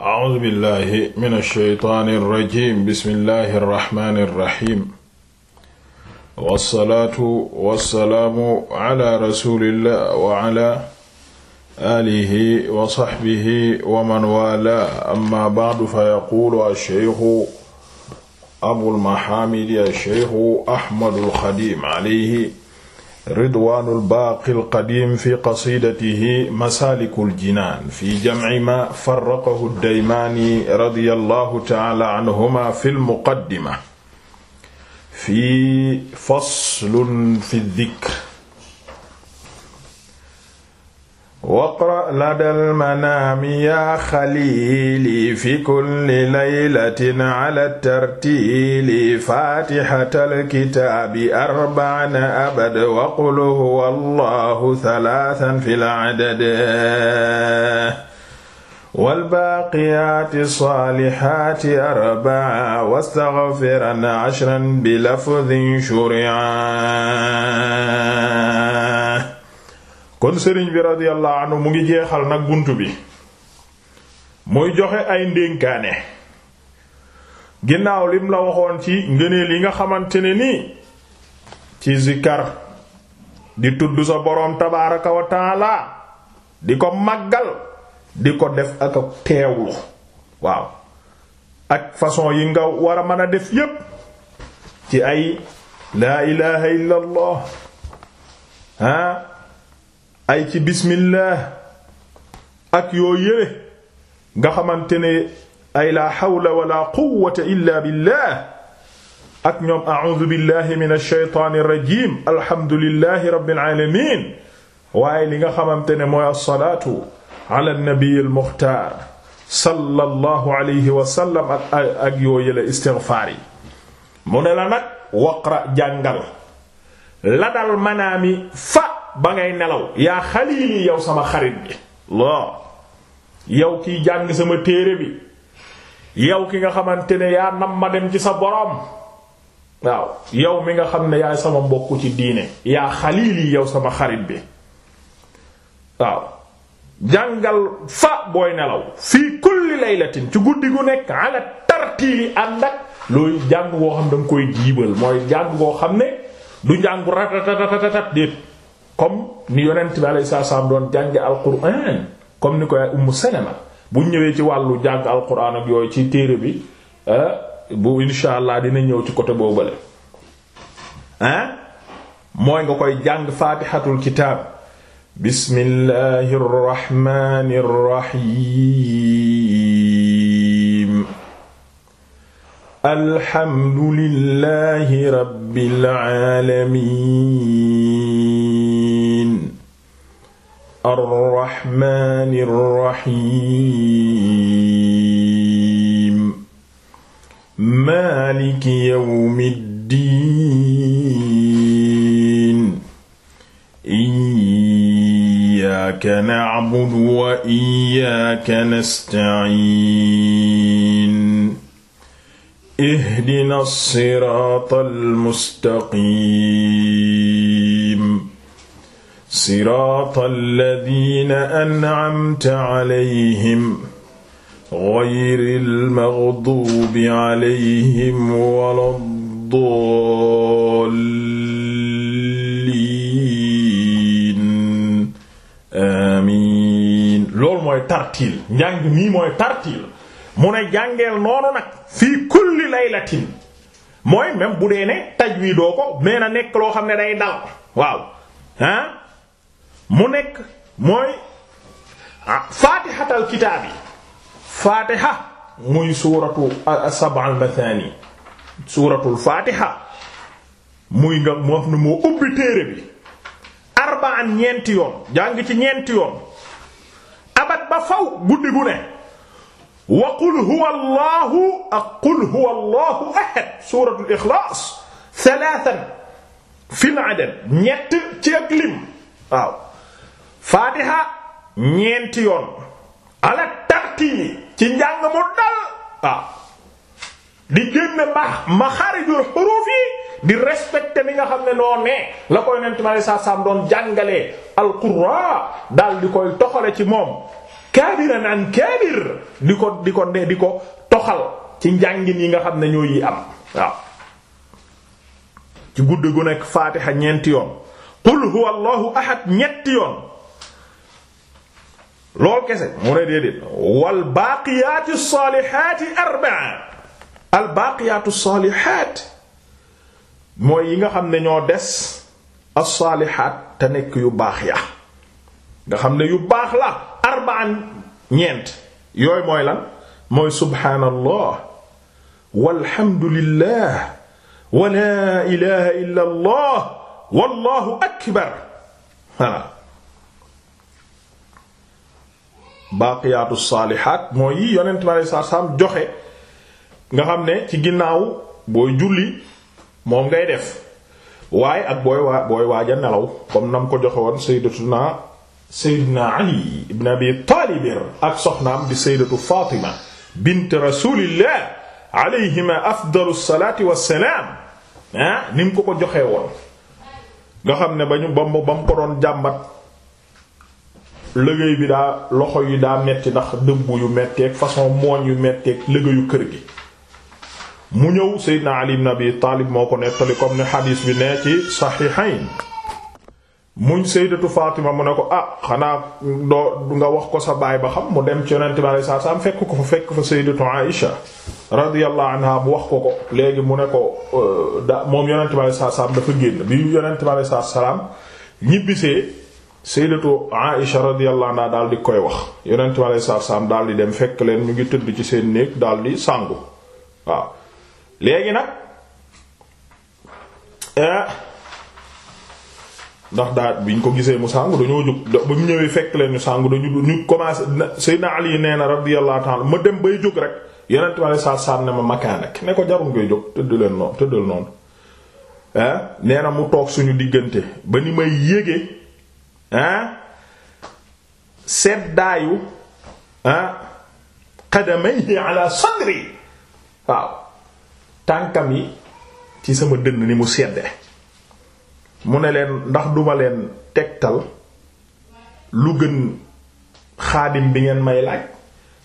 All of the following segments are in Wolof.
a'uuzu billahi mina shaytaani rajiim bismillahi rahmaani rahiim. wasalaatu wasalaamu ala rasulillah wa ala aalihi wa saxbihi wa man waalaahu amma ba'du fa yaquulu ash-shaykhu abul mahaamidi ash-shaykhu Ahmadul Xadiim alayhi ridwaanul baaqil qadiim fi qasiidatihi masaalikul jinaan fi jamci maa farraqahu daymaani radiyallahu ta'aala anhumaa fil muqaddima. fi faslun fi dikr waqra ladal manaami yaa xaliili fi kulli laylatin ala tartiili faatihatal kitaabi arba'ina abad wa qul huwa allahu talaasan fil adad wal baaqiyaati saalihaati arba'a wastaghfiran ashran bi lafdhin shuri'a kon sëriñ bi radiyallahu anhu mu ngi jeexal nag bunt bi muy joxe ay ndénkaane ginnaaw lim la waxoon ci ngëneel yi nga xamante ne nii ci zikar di tudd sa boroom tabaaraka wa taala di ko màggal di ko def ak ak teewlu waaw ak façon yi nga war a mën a def yépp ci ay laa ilaha illa ay ci bismillah ak yoo yële nga xamante ne ay la hawla wala quwwata illa billah ak ñoom a'udhu billahi minash shaytanir rajim alhamdulillahi rabbil alamin waaye li nga xamante ne mooy as-salatu ala an-nabiyil mukhtar sallallahu alayhi wa sallam ak ak yoo yële istighfar yi mu ne la nag waqra jàngal ladal manaami fa ba ngay nelaw yaa xaliili yow sama xarit bi loo yow ki jàng sama téere bi yow ki nga xamante ne yaa nam ma dem ci sa boroom waaw yow mi nga xam ne yaay sama mbokk ci diine yaa xaliili yow sama xarit bi waaw jàngal fa booy nelaw fii kulli laylatin ci guddi gu nekk ala tartiili ànd ak looy jàng boo xam danga koy jiibal mooy jàng boo xam ne du jàngu ratatatat déet comme ni yonent bi alayhi salaam doon jànge alquran comme ni koy Ummu Salama bu ñëwee ci wàllu jàng alquran ak yooyu ci téere bi ah, bu insha allah dina ñëw ci côté boobale ah mooy nga koy jàng faatihatul kitaab bismillahir rahmanir alhamdulillahi rabbil aalamiin arrahmaanir rahiim maaliki yawmiddiin iyyaaka na'budu wa iyyaaka nasta'iin ihdina siraatal mustaqiim siraatal ladiina an'amta alayhim gayril magduubi alayhim waladdaalliin amiin. loolu mooy tartiil njàng mi mooy tartiil mu ne jàngeel noonu nag fii la laylatin mooy même bu dee ne tajwidoo ko mais na nekk loo xam ne day dal waaw ah mu nekk mooy ah, faatihatal kitaab yi faatiha muy suuratu as-sab'al ah, mathani suuratul faatiha muy nga mu wax ne moo ubbi téere bi arba'an ñeenti yoon jàng ci ñeenti yoon abat ba faw guddi gu ne wa qul huwa allahu ak qul huwa allahu ahad suuratul ixlaas salaatan fil adad ñett ci ak lim waaw faatiha ñeenti yoon ala tartiibi ci njàng mu dal waaw di génne ma maxaarijul xuruuf yi di respecté bi nga xam ne noo ne la koy nent saa saam doon jàngalee alquran daal di koy toxale ci moom kaabiran an kaabir di ko di ko de di ko toxal ci njàngin yi nga xam ne ñoo yi am waaw ci guddi gu nekk faatiha ñeenti yoon qul huwa allahu ahad ñetti yoon lool kese mu ne déedéet wal baaqiyaatu saalihaati arbaa al baaqiyaatu mooy yi nga xam ne ñoo des as saalihaat te nekk yu baax ya nga xam ne yu baax la arba'an ñeent yooyu mooy lan mooy subhaanallah walhamdulillah wa laa ilaha illa allah wallahu akbar voilà baaqiyaatu saalihaat mooy yi yonent mi alayhi joxe nga xam ne ci ginnaaw booy julli moom ngay def waaye ak booy waa booy waaja nelaw comme nam ko joxe woon sayyidatuna seydina ali ibn abi taalib ak soxnaam di saydatu fatima bint rasulillah alayhima afdalu salaati wa ah ni mu ko ko joxee woon nga xam ne ba ñu ba ba mu ko doon jàmbat liggéey bi daa loxo yi daa metti ndax dëbb yu metteeg façon mooñ yu metteeg liggéeyu kër gi mu ñëw seydina ali ibn abi taalib moo ko nettali comme ni xadiis bi ne ci saxiixayn muñ sayyidatu Fatima mu ne ko ah xanaa doo nga wax ko sa baay ba xam mu dem ci yonent bi alayhi salaam fekk ko fa fekk fa sayyidatu Aisha radiyallahu anha mu wax ko ko léegi mu ne ko euh, da moom yonent bi alayhi salaam dafa génn bi yonent bi alayhi salaam ñibbisee sayyidatu Aisha radiyallahu anha daal di koy wax yonent bi alayhi salaam daal di dem fekk leen ñu ngi tëdd ci seen néeg daal di sangu waaw léegi nag eh, ndax bi ñu ko gisee mu sàngu dañoo jóg ba mu ñëwee fekk leen ñu sàngu dañu ñu commencé Seydina Ali nee na radiyallahu ta'ala ma dem bay jóg rek yeneen tubaab yi saa saa ne ma makaanak ne ko jarul ngay jóg tëdd leen noonu tëddal noonu. neena mu toog suñu diggante ba ni may yége ah seddaayu ah qadamayhi ala sadri waaw tànkam yi ci sama dënn ni mu sedde mu ne leen ndax duma leen tegtal lu gën xaadim bi ngeen may laaj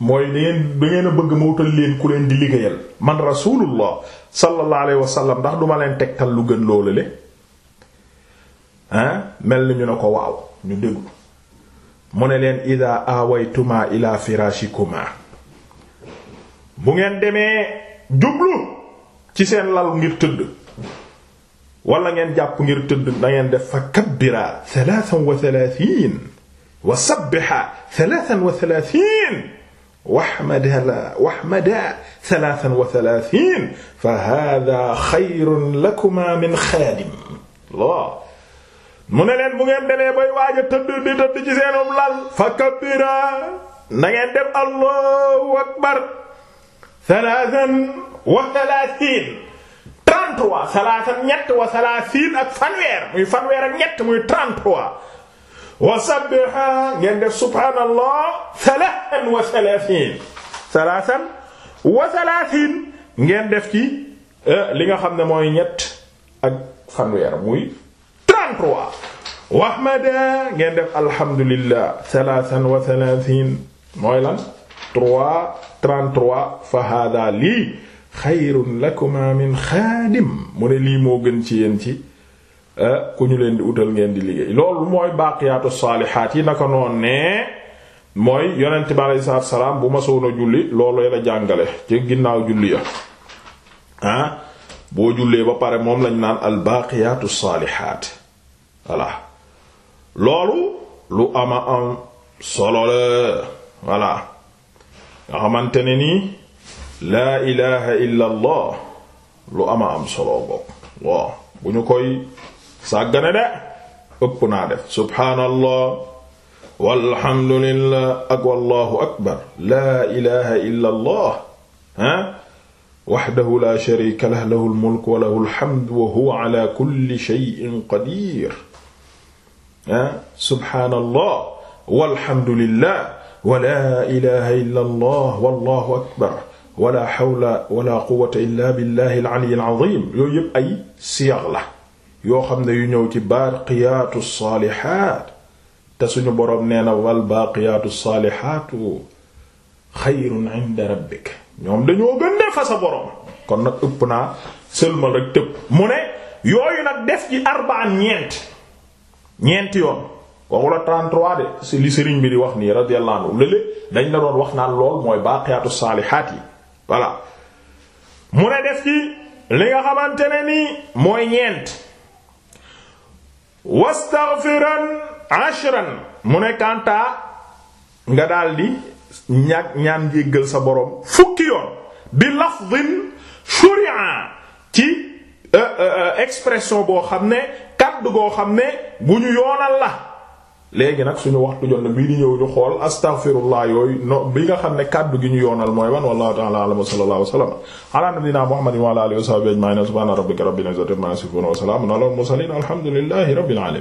mooy da ngeen da ngeen a bëgg wutal leen ku leen di liggéeyal man rasulullah sallallahu alayhi ndax duma leen tegtal lu gën loolu le ah mel ni ñu ne ko waaw ñu déglu mu ne leen ida awaytuma ila firashikuma bu ngeen demee jublu ci seen lal ngir tëdd wala ngeen jàpp ngir tëdd na ngeen def fa kabbira thalathan wa thalathin wa sabbiha thalathan wa thalathin wahmada wahmada thalathan wa thalathin fa hadha khayrun lakuma min xaadim lo mu ne leen bu ngeen demee bay waaj a tëdd di tëdd ci seenum lal fa kabbira na ngeen def allahu akbar thalathan wa thalathin trente-trois salaasa ñett wa salaasiin ak fanweer muy fanweer ak ñett muy trente-trois wa sabbiha ngeen def subhaanallah salaasan wa salaasiin salaasan wa salaasiin ngeen def ci eh, li nga xam ne mooy ñett ak fanweer muy trente-trois wahmada ngeen def alhamdulillah salaasan wa salaasiin mooy lan trois trente-trois fa hada lii xayrun lakuma min xaadim mu ne lii moo gën ci yéen ci ah, ku ñu leen di utal ngeen di liggéey loolu mooy baaqiyaatu saalihaat yi naka noonu nee mooy yonent bi aleyhi salaatu bu ma soona julli loolu la jàngale ci ginnaaw julli ya ah boo jullee ba pare moom lañ naan al baaqiyaatu saalihaat voilà loolu lu ama am solo la voilà nga xamante ne nii. laa ilaha illa allah lu ama am solo bokk waaw bu ñu koy sàggane de ëpp naa def subhaanallah walhamdulillah ak wallahu akbar laa ilaha illa allah ha waxdahu la sharika lah lahu almulk wa lahu alhamd wa huwa ala kulli shay'in qadir ah subhaanallah walhamdulillah wa la ilaha illa allah wallahu akbar wala hawla wala quwwata illa billahi al-ali yooyu yëpp ay si la yoo xam ne yu ñëw ci baaqiyaatu saalihaat te suñu boroom nee na wal baaqiyaatu saalihaatu xayrun inda rabbik ñoom dañoo gën ne fa kon nag ëpp naa sëlmal rek tëb mu ne yooyu nag def yoon waxu la 33 de li sëriñ bi di wax nii radiyallahu anhu lëlé dañ la doon wax naan lool mooy baaqiyaatu saalihaat yi voilà mu ne def ci li nga xamante ne nii mooy ñeent wastaghfiran ashran mu ne kàntaa nga daldi ñaag ñaan jéggal sa borom fukki yoon bi lafdhin shuri'a ci euh, euh, euh, expression boo xam ne kàddu goo xam ne bu ñu yoonal la léegi nag suñu waxtu jot na bi di ñëw ñu xool astaghfirullah yooyu no bi nga xam ne kàddu gi ñu yoonal mooy wan wallahu ta'ala a'lam wa sallallahu alayhi wa sallam ala nabiyyina muhammadin wa ala alihi wa sahbihi ajma'in subhana rabbika rabbil izzati amma yasifun wa salamun ala al mursalin alhamdulillahi rabbil alamin